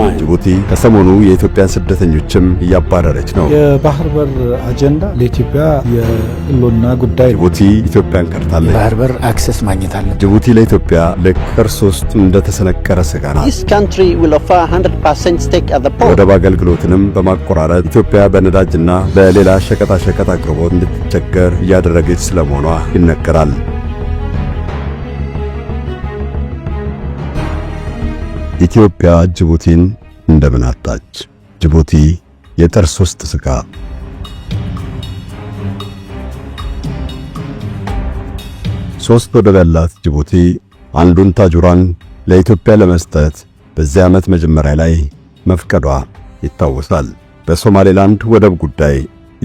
ጅቡቲ ከሰሞኑ የኢትዮጵያን ስደተኞችም እያባረረች ነው። የባህር በር አጀንዳ ለኢትዮጵያ የህልውና ጉዳይ። ጅቡቲ ኢትዮጵያን ቀርታለች። ባህር በር አክሰስ ማግኘት አለ። ጅቡቲ ለኢትዮጵያ ልክ እርስ ውስጥ እንደተሰነቀረ ስጋ ናት። ወደብ አገልግሎትንም በማቆራረጥ ኢትዮጵያ በነዳጅና በሌላ ሸቀጣሸቀጥ አቅርቦት እንድትቸገር እያደረገች ስለመሆኗ ይነገራል። ኢትዮጵያ ጅቡቲን እንደምን አጣች? ጅቡቲ የጥርስ ውስጥ ስጋ። ሶስት ወደብ ያላት ጅቡቲ አንዱን ታጁራን ለኢትዮጵያ ለመስጠት በዚህ ዓመት መጀመሪያ ላይ መፍቀዷ ይታወሳል። በሶማሌላንድ ወደብ ጉዳይ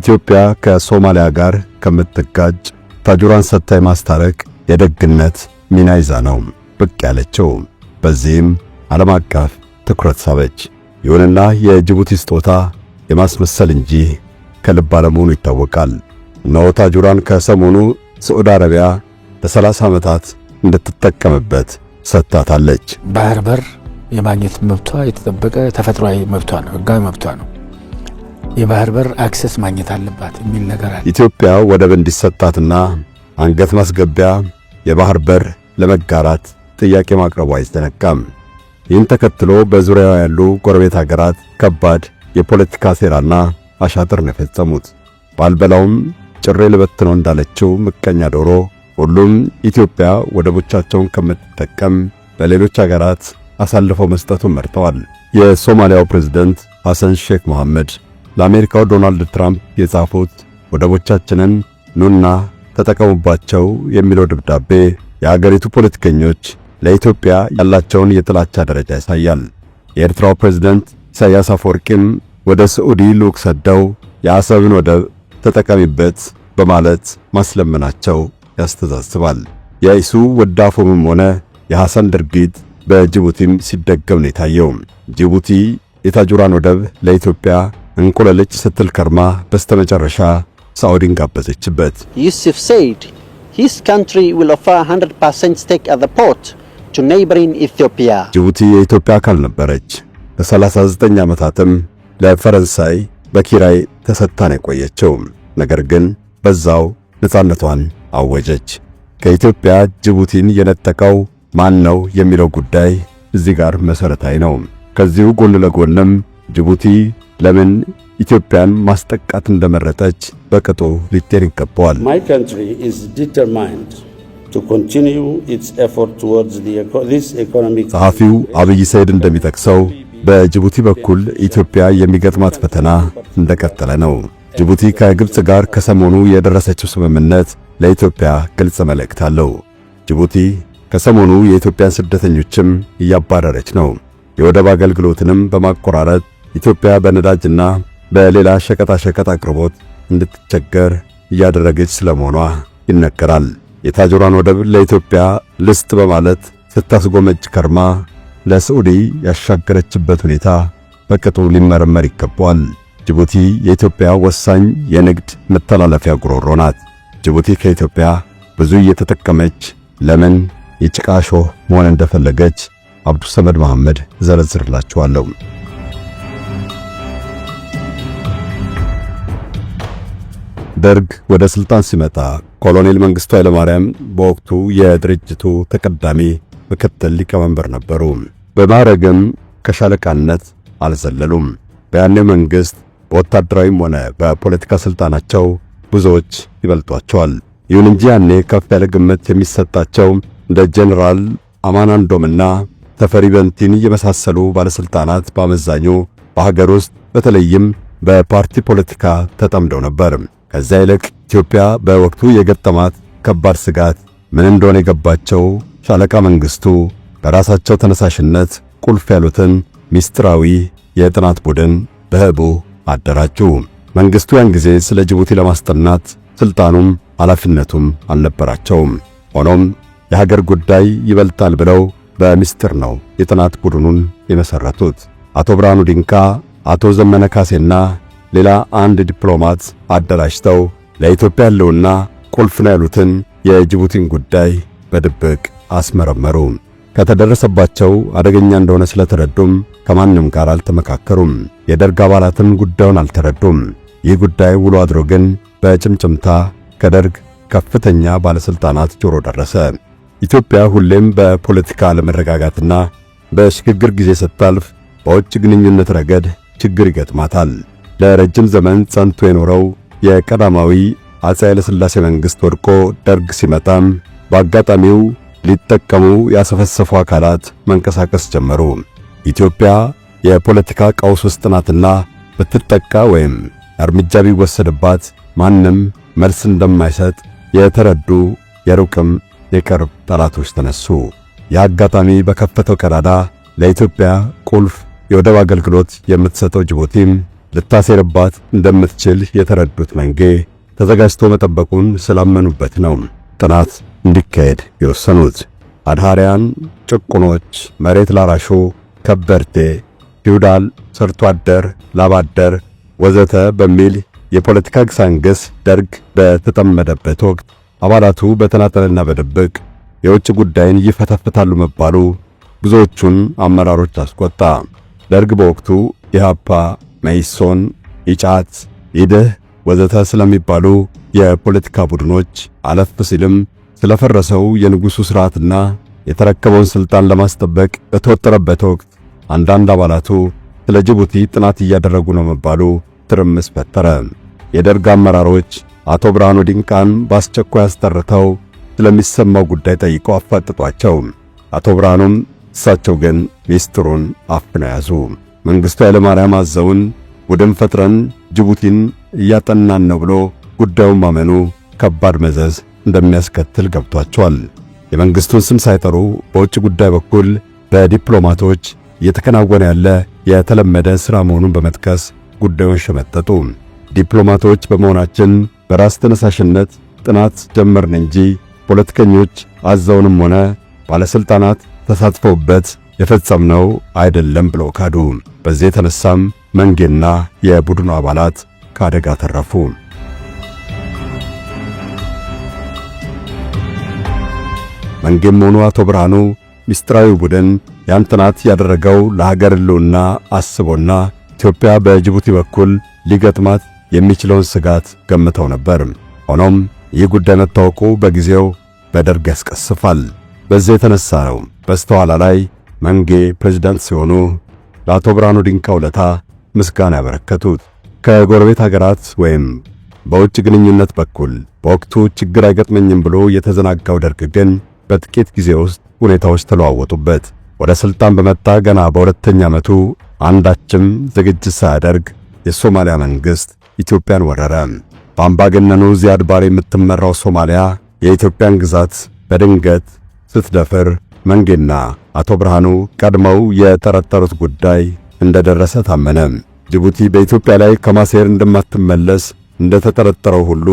ኢትዮጵያ ከሶማሊያ ጋር ከምትጋጭ ታጁራን ሰጥታ የማስታረቅ የደግነት ሚና ይዛ ነው ብቅ ያለችው። በዚህም ዓለም አቀፍ ትኩረት ሳበች። ይሁንና የጅቡቲ ስጦታ የማስመሰል እንጂ ከልብ አለመሆኑ ይታወቃል። እነሆ ታጁራን ከሰሞኑ ሳዑዲ አረቢያ ለ30 ዓመታት እንድትጠቀምበት ሰጥታታለች። ባህር በር የማግኘት መብቷ የተጠበቀ ተፈጥሯዊ መብቷ ነው፣ ሕጋዊ መብቷ ነው። የባህር በር አክሰስ ማግኘት አለባት የሚል ነገር አለ። ኢትዮጵያ ወደብ እንዲሰጣትና አንገት ማስገቢያ የባህር በር ለመጋራት ጥያቄ ማቅረቡ አይዘነጋም። ይህን ተከትሎ በዙሪያው ያሉ ጎረቤት ሀገራት ከባድ የፖለቲካ ሴራና አሻጥር ነው የፈጸሙት። ባልበላውም ጭሬ ልበትነው እንዳለችው ምቀኛ ዶሮ ሁሉም ኢትዮጵያ ወደቦቻቸውን ከምትጠቀም በሌሎች ሀገራት አሳልፈው መስጠቱን መርጠዋል። የሶማሊያው ፕሬዝደንት ሐሰን ሼክ መሐመድ ለአሜሪካው ዶናልድ ትራምፕ የጻፉት ወደቦቻችንን ኑና ተጠቀሙባቸው የሚለው ደብዳቤ የአገሪቱ ፖለቲከኞች ለኢትዮጵያ ያላቸውን የጥላቻ ደረጃ ያሳያል። የኤርትራው ፕሬዝደንት ኢሳያስ አፈወርቂም ወደ ስዑዲ ልዑክ ሰደው የአሰብን ወደብ ተጠቀሚበት በማለት ማስለመናቸው ያስተዛዝባል። የኢሱ ወዳፎምም ሆነ የሐሰን ድርጊት በጅቡቲም ሲደገም ነው የታየው። ጅቡቲ የታጁራን ወደብ ለኢትዮጵያ እንቁለልጭ ስትል ከርማ በስተመጨረሻ ሳዑዲን ጋበዘችበት። ዩሱፍ ሰይድ ሂስ ካንትሪ ዊል ኦፈር 100% ስቴክ አት ዘ ፖርት ቱ neighboring Ethiopia። ጅቡቲ የኢትዮጵያ አካል ነበረች። ለ39 ዓመታትም ለፈረንሳይ በኪራይ ተሰጥታ የቆየችው። ነገር ግን በዛው ነፃነቷን አወጀች። ከኢትዮጵያ ጅቡቲን የነጠቀው ማን ነው የሚለው ጉዳይ እዚህ ጋር መሰረታዊ ነው። ከዚሁ ጎን ለጎንም ጅቡቲ ለምን ኢትዮጵያን ማስጠቃት እንደመረጠች በቅጡ ሊጤን ይገባዋል። ጸሐፊው አብይ ሰይድ እንደሚጠቅሰው በጅቡቲ በኩል ኢትዮጵያ የሚገጥማት ፈተና እንደቀጠለ ነው። ጅቡቲ ከግብፅ ጋር ከሰሞኑ የደረሰችው ስምምነት ለኢትዮጵያ ግልጽ መልእክት አለው። ጅቡቲ ከሰሞኑ የኢትዮጵያን ስደተኞችም እያባረረች ነው። የወደብ አገልግሎትንም በማቆራረጥ ኢትዮጵያ በነዳጅና በሌላ ሸቀጣሸቀጥ አቅርቦት እንድትቸገር እያደረገች ስለመሆኗ ይነገራል። የታጅሯን ወደብ ለኢትዮጵያ ልስጥ በማለት ስታስጎመጅ ከርማ ለሳዑዲ ያሻገረችበት ሁኔታ በቅጡ ሊመረመር ይገባል። ጅቡቲ የኢትዮጵያ ወሳኝ የንግድ መተላለፊያ ጉሮሮ ናት። ጅቡቲ ከኢትዮጵያ ብዙ እየተጠቀመች ለምን የጭቃ ሾህ መሆን እንደፈለገች አብዱሰመድ መሐመድ ዘረዝርላችኋለሁ። ደርግ ወደ ስልጣን ሲመጣ ኮሎኔል መንግስቱ ኃይለማርያም በወቅቱ የድርጅቱ ተቀዳሚ ምክትል ሊቀመንበር ነበሩ። በማዕረግም ከሻለቃነት አልዘለሉም። በያኔው መንግስት በወታደራዊም ሆነ በፖለቲካ ስልጣናቸው ብዙዎች ይበልጧቸዋል። ይሁን እንጂ ያኔ ከፍ ያለ ግምት የሚሰጣቸው እንደ ጄኔራል አማናንዶምና ተፈሪ በንቲን የመሳሰሉ ባለሥልጣናት በአመዛኙ በሀገር ውስጥ በተለይም በፓርቲ ፖለቲካ ተጠምደው ነበር። ከዛ ይልቅ ኢትዮጵያ በወቅቱ የገጠማት ከባድ ስጋት ምን እንደሆነ የገባቸው ሻለቃ መንግስቱ በራሳቸው ተነሳሽነት ቁልፍ ያሉትን ሚስጥራዊ የጥናት ቡድን በህቡ አደራጁ። መንግስቱ ያን ጊዜ ስለ ጅቡቲ ለማስጠናት ስልጣኑም ኃላፊነቱም አልነበራቸውም። ሆኖም የሀገር ጉዳይ ይበልጣል ብለው በሚስጥር ነው የጥናት ቡድኑን የመሰረቱት። አቶ ብርሃኑ ዲንካ፣ አቶ ዘመነ ካሴና ሌላ አንድ ዲፕሎማት አደራጅተው ለኢትዮጵያ ያለውና ቁልፍ ነው ያሉትን የጅቡቲን ጉዳይ በድብቅ አስመረመሩ። ከተደረሰባቸው አደገኛ እንደሆነ ስለተረዱም ከማንም ጋር አልተመካከሩም። የደርግ አባላትም ጉዳዩን አልተረዱም። ይህ ጉዳይ ውሎ አድሮ ግን በጭምጭምታ ከደርግ ከፍተኛ ባለስልጣናት ጆሮ ደረሰ። ኢትዮጵያ ሁሌም በፖለቲካ አለመረጋጋትና በሽግግር ጊዜ ስታልፍ በውጭ ግንኙነት ረገድ ችግር ይገጥማታል። ለረጅም ዘመን ጸንቶ የኖረው የቀዳማዊ አፄ ኃይለሥላሴ መንግሥት ወድቆ ደርግ ሲመጣም በአጋጣሚው ሊጠቀሙ ያሰፈሰፉ አካላት መንቀሳቀስ ጀመሩ። ኢትዮጵያ የፖለቲካ ቀውስ ውስጥ ናትና ብትጠቃ ወይም እርምጃ ቢወሰድባት ማንም መልስ እንደማይሰጥ የተረዱ የሩቅም የቅርብ ጠላቶች ተነሱ። የአጋጣሚ በከፈተው ቀዳዳ ለኢትዮጵያ ቁልፍ የወደብ አገልግሎት የምትሰጠው ጅቡቲም ልታሴርባት እንደምትችል የተረዱት መንጌ ተዘጋጅቶ መጠበቁን ስላመኑበት ነው ጥናት እንዲካሄድ የወሰኑት። አድሃሪያን፣ ጭቁኖች፣ መሬት ላራሹ፣ ከበርቴ፣ ፊውዳል፣ ሰርቶ አደር፣ ላባደር ወዘተ በሚል የፖለቲካ ግሳንግስ ደርግ በተጠመደበት ወቅት አባላቱ በተናጠልና በድብቅ የውጭ ጉዳይን ይፈተፍታሉ መባሉ ብዙዎቹን አመራሮች አስቆጣ። ደርግ በወቅቱ የሃፓ መይሶን ኢጫት፣ ኢድህ ወዘተ ስለሚባሉ የፖለቲካ ቡድኖች አለፍ ሲልም ስለፈረሰው የንጉሡ ሥርዓትና የተረከበውን ሥልጣን ለማስጠበቅ በተወጠረበት ወቅት አንዳንድ አባላቱ ስለ ጅቡቲ ጥናት እያደረጉ ነው መባሉ ትርምስ ፈጠረ። የደርግ አመራሮች አቶ ብርሃኑ ድንቃን በአስቸኳይ አስጠርተው ስለሚሰማው ጉዳይ ጠይቀው አፋጥጧቸው። አቶ ብርሃኑም እሳቸው ግን ሚስጥሩን አፍነው ያዙ። መንግሥቱ ኃይለማርያም አዘውን ወደም ፈጥረን ጅቡቲን እያጠናን ነው ብሎ ጉዳዩን ማመኑ ከባድ መዘዝ እንደሚያስከትል ገብቷቸዋል። የመንግሥቱን ስም ሳይጠሩ በውጭ ጉዳይ በኩል በዲፕሎማቶች እየተከናወነ ያለ የተለመደ ሥራ መሆኑን በመጥቀስ ጉዳዩን ሸመጠጡ። ዲፕሎማቶች በመሆናችን በራስ ተነሳሽነት ጥናት ጀመርን እንጂ ፖለቲከኞች አዘውንም ሆነ ባለሥልጣናት ተሳትፈውበት የፈጸምነው አይደለም ብለው ካዱ። በዚህ የተነሳም መንጌና የቡድኑ አባላት ከአደጋ ተረፉ። መንጌም ሆኑ አቶ ብርሃኑ ሚስጥራዊ ቡድን ያን ጥናት ያደረገው ለሀገር ሕልውና አስቦና ኢትዮጵያ በጅቡቲ በኩል ሊገጥማት የሚችለውን ስጋት ገምተው ነበር። ሆኖም ይህ ጉዳይ መታወቁ በጊዜው በደርግ ያስቀስፋል። በዚህ የተነሳ ነው በስተኋላ ላይ መንጌ ፕሬዝዳንት ሲሆኑ ለአቶ ብርሃኑ ዲንቃ ውለታ ምስጋና ያበረከቱት። ከጎረቤት ሀገራት ወይም በውጭ ግንኙነት በኩል በወቅቱ ችግር አይገጥመኝም ብሎ የተዘናጋው ደርግ ግን በጥቂት ጊዜ ውስጥ ሁኔታዎች ተለዋወጡበት። ወደ ሥልጣን በመጣ ገና በሁለተኛ ዓመቱ አንዳችም ዝግጅት ሳያደርግ የሶማሊያ መንግሥት ኢትዮጵያን ወረረ። በአምባገነኑ ዚያድ ባሬ የምትመራው ሶማሊያ የኢትዮጵያን ግዛት በድንገት ስትደፍር መንጌና አቶ ብርሃኑ ቀድመው የተረተሩት ጉዳይ እንደደረሰ ታመነ። ጅቡቲ በኢትዮጵያ ላይ ከማሴር እንደማትመለስ እንደተጠረጠረው ሁሉ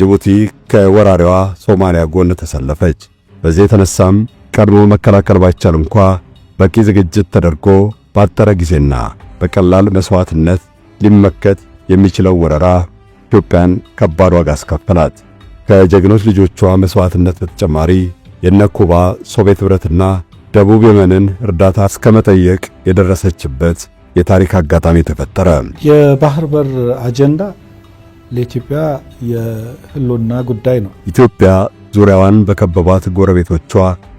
ጅቡቲ ከወራሪዋ ሶማሊያ ጎን ተሰለፈች። በዚህ የተነሳም ቀድሞ መከላከል ባይቻል እንኳ በቂ ዝግጅት ተደርጎ ባጠረ ጊዜና በቀላል መስዋዕትነት ሊመከት የሚችለው ወረራ ኢትዮጵያን ከባድ ዋጋ አስከፈላት። ከጀግኖች ልጆቿ መስዋዕትነት በተጨማሪ የነ ኩባ ሶቪየት ኅብረትና ደቡብ የመንን እርዳታ እስከመጠየቅ የደረሰችበት የታሪክ አጋጣሚ ተፈጠረ። የባህር በር አጀንዳ ለኢትዮጵያ የህልውና ጉዳይ ነው። ኢትዮጵያ ዙሪያዋን በከበባት ጎረቤቶቿ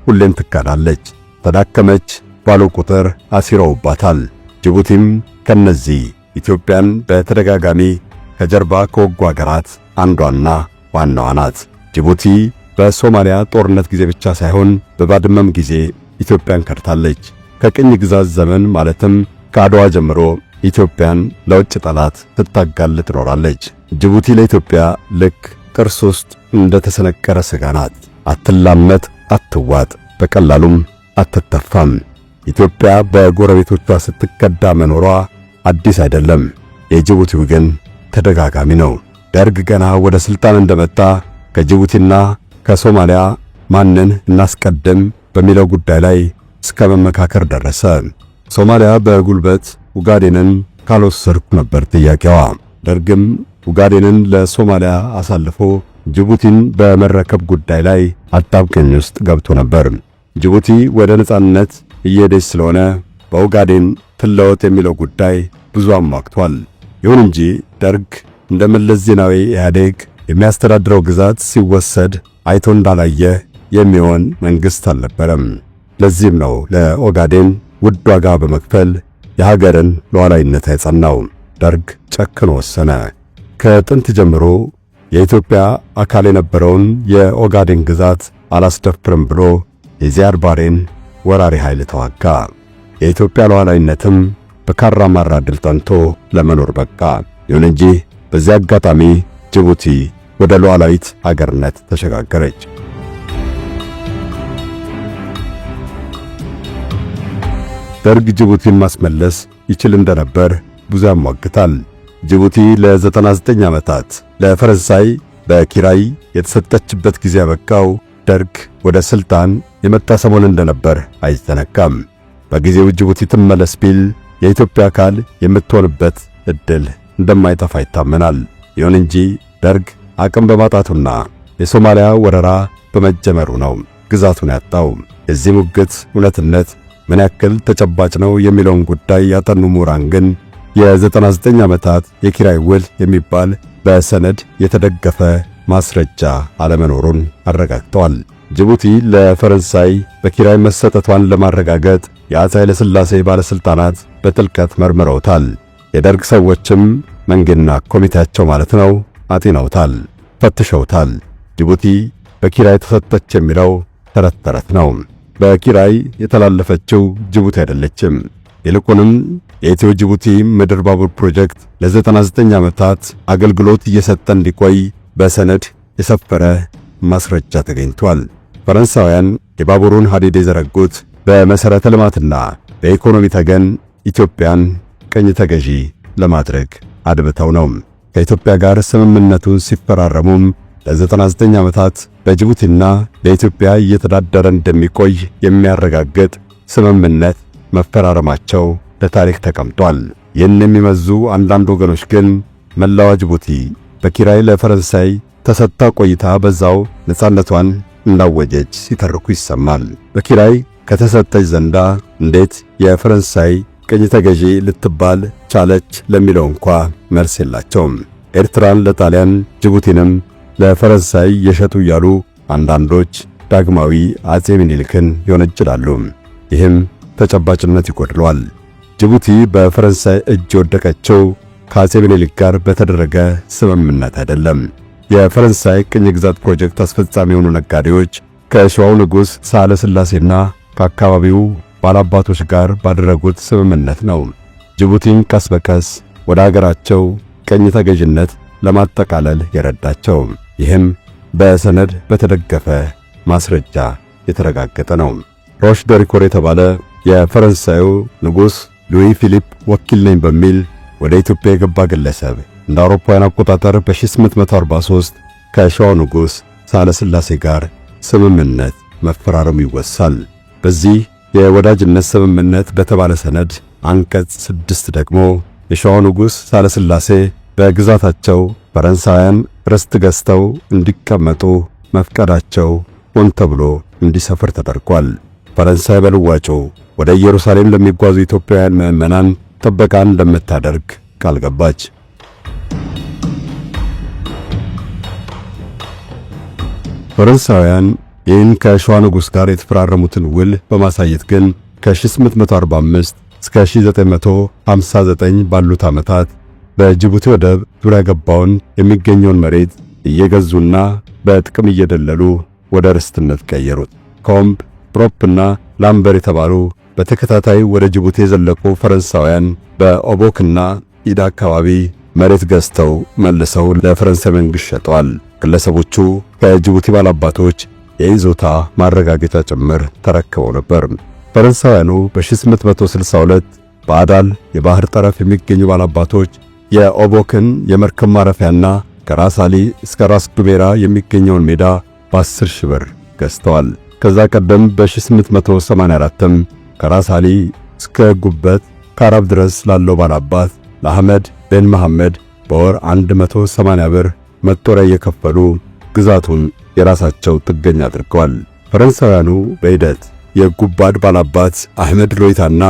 ሁሌም ትካዳለች፣ ተዳከመች ባሉ ቁጥር አሲረውባታል። ጅቡቲም ከነዚህ ኢትዮጵያን በተደጋጋሚ ከጀርባ ከወጉ አገራት አንዷና ዋናዋ ናት። ጅቡቲ በሶማሊያ ጦርነት ጊዜ ብቻ ሳይሆን በባድመም ጊዜ ኢትዮጵያን ከድታለች። ከቅኝ ግዛት ዘመን ማለትም ከአድዋ ጀምሮ ኢትዮጵያን ለውጭ ጠላት ስታጋል ትኖራለች። ጅቡቲ ለኢትዮጵያ ልክ ጥርስ ውስጥ እንደ ተሰነቀረ ሥጋ ናት። አትላመት፣ አትዋጥ፣ በቀላሉም አትተፋም። ኢትዮጵያ በጎረቤቶቿ ስትከዳ መኖሯ አዲስ አይደለም። የጅቡቲው ግን ተደጋጋሚ ነው። ደርግ ገና ወደ ሥልጣን እንደመጣ ከጅቡቲና ከሶማሊያ ማንን እናስቀድም በሚለው ጉዳይ ላይ እስከ መመካከር ደረሰ። ሶማሊያ በጉልበት ኡጋዴንን ካልወሰድኩ ነበር ጥያቄዋ። ደርግም ኡጋዴንን ለሶማሊያ አሳልፎ ጅቡቲን በመረከብ ጉዳይ ላይ አጣብቀኝ ውስጥ ገብቶ ነበር። ጅቡቲ ወደ ነጻነት እየሄደች ስለሆነ በኡጋዴን ትለወጥ የሚለው ጉዳይ ብዙ አሟግቷል። ይሁን እንጂ ደርግ እንደ መለስ ዜናዊ ኢህአዴግ የሚያስተዳድረው ግዛት ሲወሰድ አይቶ እንዳላየ የሚሆን መንግስት አልነበረም። ለዚህም ነው ለኦጋዴን ውድ ዋጋ በመክፈል የሀገርን ሉዓላዊነት ያጸናው። ደርግ ጨክኖ ወሰነ። ከጥንት ጀምሮ የኢትዮጵያ አካል የነበረውን የኦጋዴን ግዛት አላስደፍርም ብሎ የዚያድ ባሬን ወራሪ ኃይል ተዋጋ። የኢትዮጵያ ሉዓላዊነትም ማራ ድል ጠንቶ ለመኖር በቃ። ይሁን እንጂ በዚያ አጋጣሚ ጅቡቲ ወደ ሉዓላዊት አገርነት ተሸጋገረች። ደርግ ጅቡቲን ማስመለስ ይችል እንደነበር ብዙ ያሟግታል። ጅቡቲ ለ99 ዓመታት ለፈረንሳይ በኪራይ የተሰጠችበት ጊዜ ያበቃው ደርግ ወደ ሥልጣን የመጣ ሰሞን እንደነበር አይዘነጋም። በጊዜው ጅቡቲ ትመለስ ቢል የኢትዮጵያ አካል የምትሆንበት ዕድል እንደማይጠፋ ይታመናል። ይሁን እንጂ ደርግ አቅም በማጣቱና የሶማሊያ ወረራ በመጀመሩ ነው ግዛቱን ያጣው። የዚህ ሙግት እውነትነት ምን ያክል ተጨባጭ ነው የሚለውን ጉዳይ ያጠኑ ምሁራን ግን የ99 ዓመታት የኪራይ ውል የሚባል በሰነድ የተደገፈ ማስረጃ አለመኖሩን አረጋግጠዋል። ጅቡቲ ለፈረንሳይ በኪራይ መሰጠቷን ለማረጋገጥ የአፄ ኃይለሥላሴ ባለሥልጣናት በጥልቀት መርምረውታል። የደርግ ሰዎችም መንግና ኮሚቴያቸው ማለት ነው አጢነውታል፣ ፈትሸውታል። ጅቡቲ በኪራይ ተሰጠች የሚለው ተረት ተረት ነው። በኪራይ የተላለፈችው ጅቡቲ አይደለችም። ይልቁንም የኢትዮ ጅቡቲ ምድር ባቡር ፕሮጀክት ለ99 ዓመታት አገልግሎት እየሰጠ እንዲቆይ በሰነድ የሰፈረ ማስረጃ ተገኝቷል። ፈረንሳውያን የባቡሩን ሐዲድ የዘረጉት በመሠረተ ልማትና በኢኮኖሚ ተገን ኢትዮጵያን ቅኝ ተገዢ ለማድረግ አድብተው ነው። ከኢትዮጵያ ጋር ስምምነቱን ሲፈራረሙም ለ99 ዓመታት በጅቡቲና በኢትዮጵያ እየተዳደረ እንደሚቆይ የሚያረጋግጥ ስምምነት መፈራረማቸው ለታሪክ ተቀምጧል። ይህን የሚመዙ አንዳንድ ወገኖች ግን መላዋ ጅቡቲ በኪራይ ለፈረንሳይ ተሰጥታ ቆይታ በዛው ነፃነቷን እንዳወጀች ሲተርኩ ይሰማል። በኪራይ ከተሰጠች ዘንዳ እንዴት የፈረንሳይ ቅኝ ተገዢ ልትባል ቻለች ለሚለው እንኳ መልስ የላቸውም። ኤርትራን ለጣሊያን ጅቡቲንም ለፈረንሳይ የሸጡ እያሉ አንዳንዶች ዳግማዊ አጼ ምኒልክን ይወነጅላሉ። ይህም ተጨባጭነት ይጎድለዋል። ጅቡቲ በፈረንሳይ እጅ የወደቀችው ከአጼ ምኒልክ ጋር በተደረገ ስምምነት አይደለም። የፈረንሳይ ቅኝ ግዛት ፕሮጀክት አስፈጻሚ የሆኑ ነጋዴዎች ከሸዋው ንጉሥ ሳህለ ሥላሴና ከአካባቢው ባላባቶች ጋር ባደረጉት ስምምነት ነው። ጅቡቲን ቀስ በቀስ ወደ አገራቸው ቅኝ ተገዥነት ለማጠቃለል የረዳቸው ይህም በሰነድ በተደገፈ ማስረጃ የተረጋገጠ ነው። ሮሽ ደሪኮር የተባለ የፈረንሳዩ ንጉሥ ሉዊ ፊሊፕ ወኪል ነኝ በሚል ወደ ኢትዮጵያ የገባ ግለሰብ እንደ አውሮፓውያን አቆጣጠር በ1843 ከሸዋ ንጉሥ ሳለስላሴ ጋር ስምምነት መፈራረሙ ይወሳል። በዚህ የወዳጅነት ስምምነት በተባለ ሰነድ አንቀጽ ስድስት ደግሞ የሸዋ ንጉሥ ሳለስላሴ በግዛታቸው ፈረንሳውያን ርስት ገዝተው እንዲቀመጡ መፍቀዳቸው ሆን ተብሎ እንዲሰፍር ተደርጓል። ፈረንሳይ በልዋጩ ወደ ኢየሩሳሌም ለሚጓዙ ኢትዮጵያውያን ምዕመናን ጥበቃን እንደምታደርግ ቃል ገባች። ፈረንሳውያን ይህን ከሸዋ ንጉሥ ጋር የተፈራረሙትን ውል በማሳየት ግን ከ1845 እስከ 1959 ባሉት ዓመታት በጅቡቲ ወደብ ዙሪያ ገባውን የሚገኘውን መሬት እየገዙና በጥቅም እየደለሉ ወደ ርስትነት ቀየሩት። ኮምብ ፕሮፕና ላምበር የተባሉ በተከታታይ ወደ ጅቡቲ የዘለቁ ፈረንሳውያን በኦቦክና ኢድ አካባቢ መሬት ገዝተው መልሰው ለፈረንሳይ መንግሥት ሸጠዋል። ግለሰቦቹ ከጅቡቲ ባላባቶች የይዞታ ማረጋገጫ ጭምር ተረክበው ነበር። ፈረንሳውያኑ በ1862 በአዳል የባህር ጠረፍ የሚገኙ ባላባቶች የኦቦክን የመርከብ ማረፊያና ከራስ አሊ እስከ ራስ ዱቤራ የሚገኘውን ሜዳ በ10 ሺህ ብር ገዝተዋል። ከዛ ቀደም በ1884ም ከራስ እስከ ጉበት ከአረብ ድረስ ላለው ባላባት ለአህመድ ቤን መሐመድ በወር 180 ብር መጦሪያ እየከፈሉ ግዛቱን የራሳቸው ጥገኝ አድርገዋል። ፈረንሳውያኑ በሂደት የጉባድ ባላባት አህመድ ሎይታና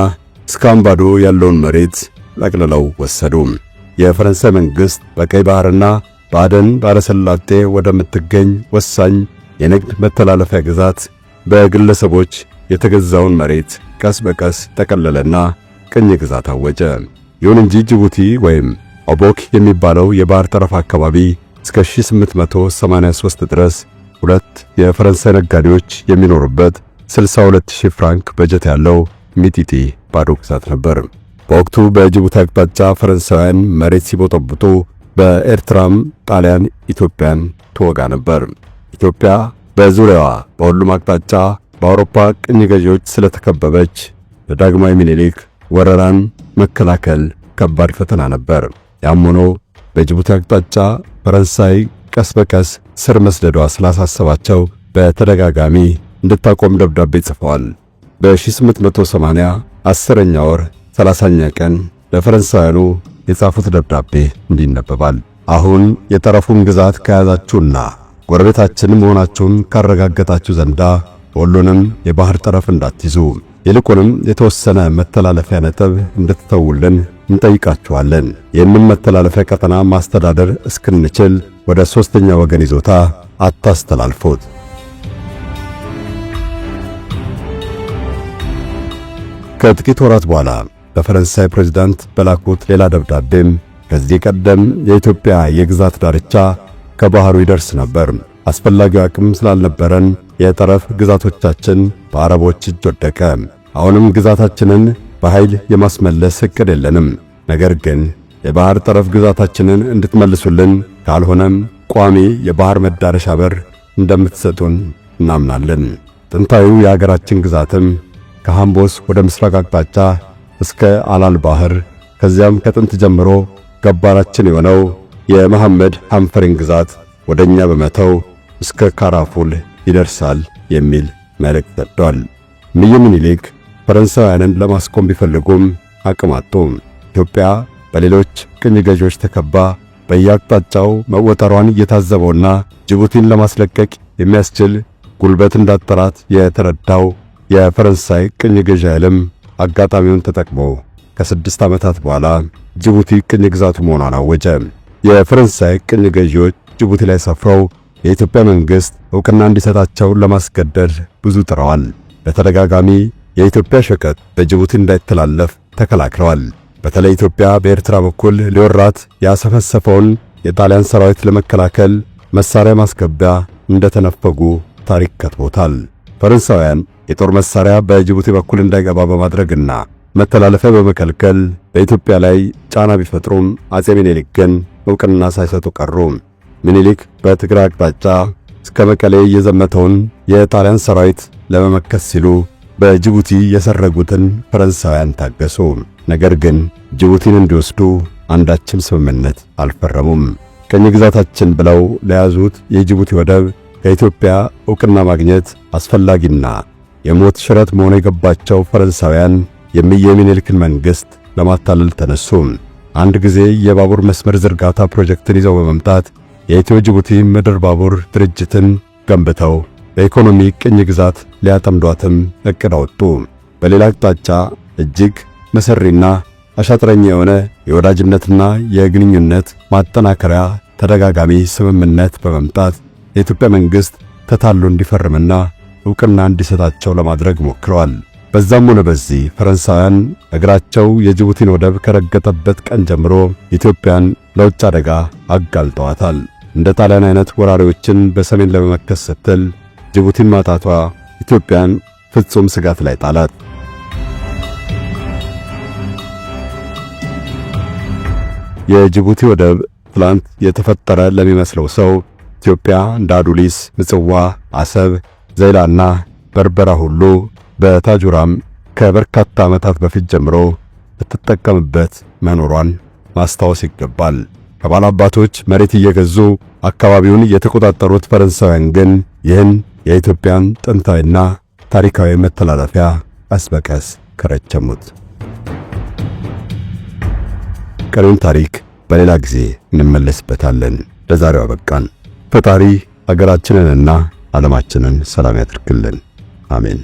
እስከ አምባዶ ያለውን መሬት ጠቅልለው ወሰዱ። የፈረንሳይ መንግሥት በቀይ ባሕርና ባደን ባለሰላጤ ወደምትገኝ ወሳኝ የንግድ መተላለፊያ ግዛት በግለሰቦች የተገዛውን መሬት ቀስ በቀስ ጠቀለለና ቅኝ ግዛት አወጀ። ይሁን እንጂ ጅቡቲ ወይም ኦቦክ የሚባለው የባህር ጠረፍ አካባቢ እስከ 1883 ድረስ ሁለት የፈረንሳይ ነጋዴዎች የሚኖሩበት 62000 ፍራንክ በጀት ያለው ሚጢጢ ባዶ ግዛት ነበር። በወቅቱ በጅቡቲ አቅጣጫ ፈረንሳውያን መሬት ሲቦጠብጡ፣ በኤርትራም ጣሊያን ኢትዮጵያን ትወጋ ነበር። ኢትዮጵያ በዙሪያዋ በሁሉም አቅጣጫ በአውሮፓ ቅኝ ገዢዎች ስለተከበበች ለዳግማዊ ምኒልክ ወረራን መከላከል ከባድ ፈተና ነበር። ያም ሆኖ በጅቡቲ አቅጣጫ ፈረንሳይ ቀስ በቀስ ስር መስደዷ ስላሳሰባቸው በተደጋጋሚ እንድታቆም ደብዳቤ ጽፈዋል። በ1880 አስረኛ ወር ሰላሳኛ ቀን ለፈረንሳያኑ የጻፉት ደብዳቤ እንዲህ ይነበባል። አሁን የተረፉን ግዛት ከያዛችሁና ጎረቤታችን መሆናችሁን ካረጋገጣችሁ ዘንዳ ሁሉንም የባህር ጠረፍ እንዳትይዙ ይልቁንም የተወሰነ መተላለፊያ ነጥብ እንድትተውልን እንጠይቃችኋለን። ይህንም መተላለፊያ ቀጠና ማስተዳደር እስክንችል ወደ ሦስተኛ ወገን ይዞታ አታስተላልፉት። ከጥቂት ወራት በኋላ ለፈረንሳይ ፕሬዝዳንት በላኩት ሌላ ደብዳቤም ከዚህ ቀደም የኢትዮጵያ የግዛት ዳርቻ ከባህሩ ይደርስ ነበር፣ አስፈላጊው አቅም ስላልነበረን የጠረፍ ግዛቶቻችን በአረቦች እጅ ወደቀ። አሁንም ግዛታችንን በኃይል የማስመለስ እቅድ የለንም። ነገር ግን የባህር ጠረፍ ግዛታችንን እንድትመልሱልን፣ ካልሆነም ቋሚ የባህር መዳረሻ በር እንደምትሰጡን እናምናለን። ጥንታዊው የአገራችን ግዛትም ከሐምቦስ ወደ ምስራቅ አቅጣጫ እስከ አላል ባህር ከዚያም ከጥንት ጀምሮ ገባራችን የሆነው የመሐመድ ሐንፈሪን ግዛት ወደኛ በመተው እስከ ካራፉል ይደርሳል የሚል መልእክት ሰጥቷል። እምዬ ምኒልክ ፈረንሳውያንን ለማስቆም ቢፈልጉም አቅም አጡ። ኢትዮጵያ በሌሎች ቅኝ ገዢዎች ተከባ በየአቅጣጫው መወጠሯን እየታዘበውና ጅቡቲን ለማስለቀቅ የሚያስችል ጉልበት እንዳጠራት የተረዳው የፈረንሳይ ቅኝ ገዢ ኃይልም አጋጣሚውን ተጠቅሞ ከስድስት ዓመታት በኋላ ጅቡቲ ቅኝ ግዛቱ መሆኗን አወጀ። የፈረንሳይ ቅኝ ገዢዎች ጅቡቲ ላይ ሰፍረው የኢትዮጵያ መንግሥት ዕውቅና እንዲሰጣቸው ለማስገደድ ብዙ ጥረዋል። በተደጋጋሚ የኢትዮጵያ ሸቀጥ በጅቡቲ እንዳይተላለፍ ተከላክለዋል። በተለይ ኢትዮጵያ በኤርትራ በኩል ሊወራት ያሰፈሰፈውን የጣሊያን ሰራዊት ለመከላከል መሳሪያ ማስገቢያ እንደተነፈጉ ታሪክ ከትቦታል። ፈረንሳውያን የጦር መሳሪያ በጅቡቲ በኩል እንዳይገባ በማድረግና መተላለፊያ በመከልከል በኢትዮጵያ ላይ ጫና ቢፈጥሩም አጼ ሚኒሊክ ግን እውቅና ሳይሰጡ ቀሩ። ሚኒሊክ በትግራይ አቅጣጫ እስከ መቀሌ የዘመተውን የጣሊያን ሰራዊት ለመመከት ሲሉ በጅቡቲ የሰረጉትን ፈረንሳውያን ታገሱ። ነገር ግን ጅቡቲን እንዲወስዱ አንዳችም ስምምነት አልፈረሙም። ቅኝ ግዛታችን ብለው ለያዙት የጅቡቲ ወደብ ከኢትዮጵያ ዕውቅና ማግኘት አስፈላጊና የሞት ሽረት መሆኑ የገባቸው ፈረንሳውያን የሚየ ምኒልክን መንግሥት ለማታለል ተነሱ። አንድ ጊዜ የባቡር መስመር ዝርጋታ ፕሮጀክትን ይዘው በመምጣት የኢትዮ ጅቡቲ ምድር ባቡር ድርጅትን ገንብተው በኢኮኖሚ ቅኝ ግዛት ሊያጠምዷትም እቅድ አወጡ። በሌላ አቅጣጫ እጅግ መሰሪና አሻጥረኛ የሆነ የወዳጅነትና የግንኙነት ማጠናከሪያ ተደጋጋሚ ስምምነት በመምጣት የኢትዮጵያ መንግሥት ተታሎ እንዲፈርምና ዕውቅና እንዲሰጣቸው ለማድረግ ሞክረዋል። በዛም ሆነ በዚህ ፈረንሳውያን እግራቸው የጅቡቲን ወደብ ከረገጠበት ቀን ጀምሮ ኢትዮጵያን ለውጭ አደጋ አጋልጠዋታል። እንደ ጣሊያን አይነት ወራሪዎችን በሰሜን ለመመከት ስትል ጅቡቲን ማጣቷ ኢትዮጵያን ፍጹም ስጋት ላይ ጣላት። የጅቡቲ ወደብ ትላንት የተፈጠረ ለሚመስለው ሰው ኢትዮጵያ እንደ አዱሊስ፣ ምጽዋ፣ አሰብ፣ ዘይላና በርበራ ሁሉ በታጁራም ከበርካታ ዓመታት በፊት ጀምሮ ብትጠቀምበት መኖሯን ማስታወስ ይገባል። ከባላባቶች መሬት እየገዙ አካባቢውን የተቆጣጠሩት ፈረንሳውያን ግን ይህን የኢትዮጵያን ጥንታዊና ታሪካዊ መተላለፊያ ቀስ በቀስ ከረቸሙት። ቀሪውን ታሪክ በሌላ ጊዜ እንመለስበታለን። ለዛሬው አበቃን። ፈጣሪ አገራችንንና ዓለማችንን ሰላም ያድርግልን። አሜን።